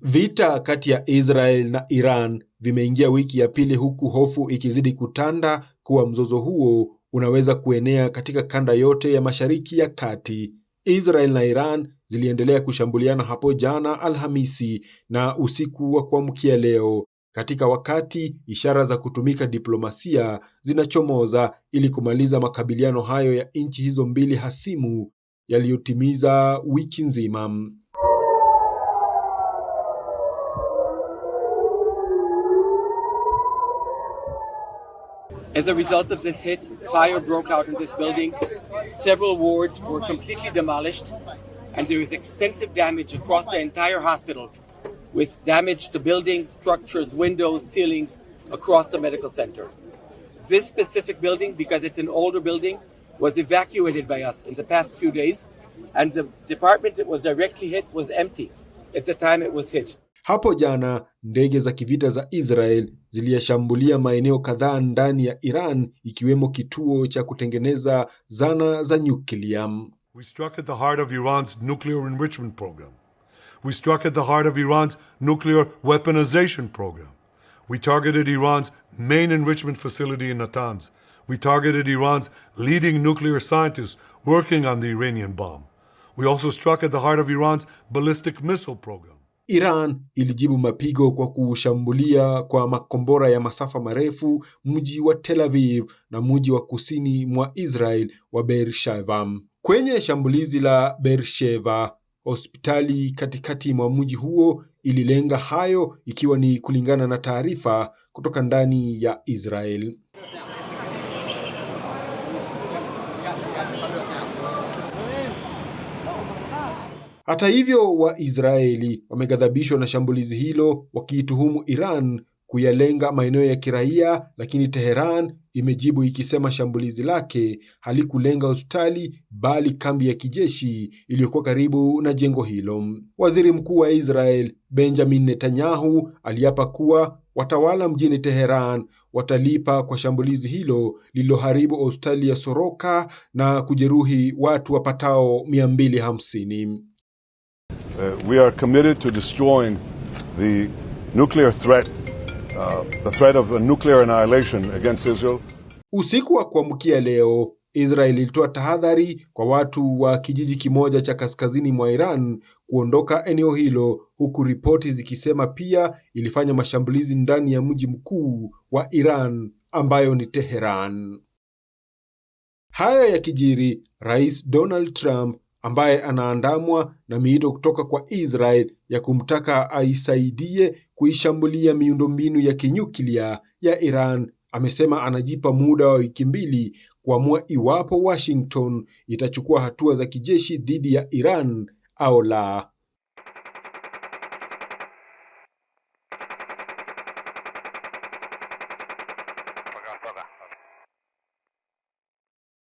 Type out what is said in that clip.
Vita kati ya Israel na Iran vimeingia wiki ya pili huku hofu ikizidi kutanda kuwa mzozo huo unaweza kuenea katika kanda yote ya Mashariki ya Kati. Israel na Iran ziliendelea kushambuliana hapo jana Alhamisi na usiku wa kuamkia leo katika wakati ishara za kutumika diplomasia zinachomoza ili kumaliza makabiliano hayo ya nchi hizo mbili hasimu yaliyotimiza wiki nzima. As a result of this hit, fire broke out in this building. Several wards were completely demolished, and there is extensive damage across the entire hospital, with damage to buildings, structures, windows, ceilings across the medical center. This specific building, because it's an older building, was evacuated by us in the past few days, and the department that was directly hit was empty at the time it was hit. Hapo jana ndege za kivita za Israel ziliyashambulia maeneo kadhaa ndani ya Iran ikiwemo kituo cha kutengeneza zana za nyuklia. We struck at the heart of Iran's nuclear enrichment program. We struck at the heart of Iran's nuclear weaponization program. We targeted Iran's main enrichment facility in Natanz. We targeted Iran's leading nuclear scientists working on the Iranian bomb. We also struck at the heart of Iran's ballistic missile program. Iran ilijibu mapigo kwa kushambulia kwa makombora ya masafa marefu mji wa Tel Aviv na mji wa kusini mwa Israel wa Beersheva. Kwenye shambulizi la Beersheba, hospitali katikati mwa mji huo ililenga hayo, ikiwa ni kulingana na taarifa kutoka ndani ya Israel. Hata hivyo, Waisraeli wameghadhabishwa na shambulizi hilo, wakiituhumu Iran kuyalenga maeneo ya kiraia, lakini Teheran imejibu ikisema shambulizi lake halikulenga hospitali bali kambi ya kijeshi iliyokuwa karibu na jengo hilo. Waziri Mkuu wa Israel Benjamin Netanyahu aliapa kuwa watawala mjini Teheran watalipa kwa shambulizi hilo lililoharibu hospitali ya Soroka na kujeruhi watu wapatao 250. Uh, we are committed to destroying the nuclear threat, uh, the threat of a nuclear annihilation against Israel. Usiku wa kuamkia leo Israel ilitoa tahadhari kwa watu wa kijiji kimoja cha kaskazini mwa Iran kuondoka eneo hilo, huku ripoti zikisema pia ilifanya mashambulizi ndani ya mji mkuu wa Iran ambayo ni Teheran. Hayo kijiri Rais Donald Trump ambaye anaandamwa na miito kutoka kwa Israel ya kumtaka aisaidie kuishambulia miundombinu ya kinyuklia ya Iran. Amesema anajipa muda wa wiki mbili kuamua iwapo Washington itachukua hatua za kijeshi dhidi ya Iran au la.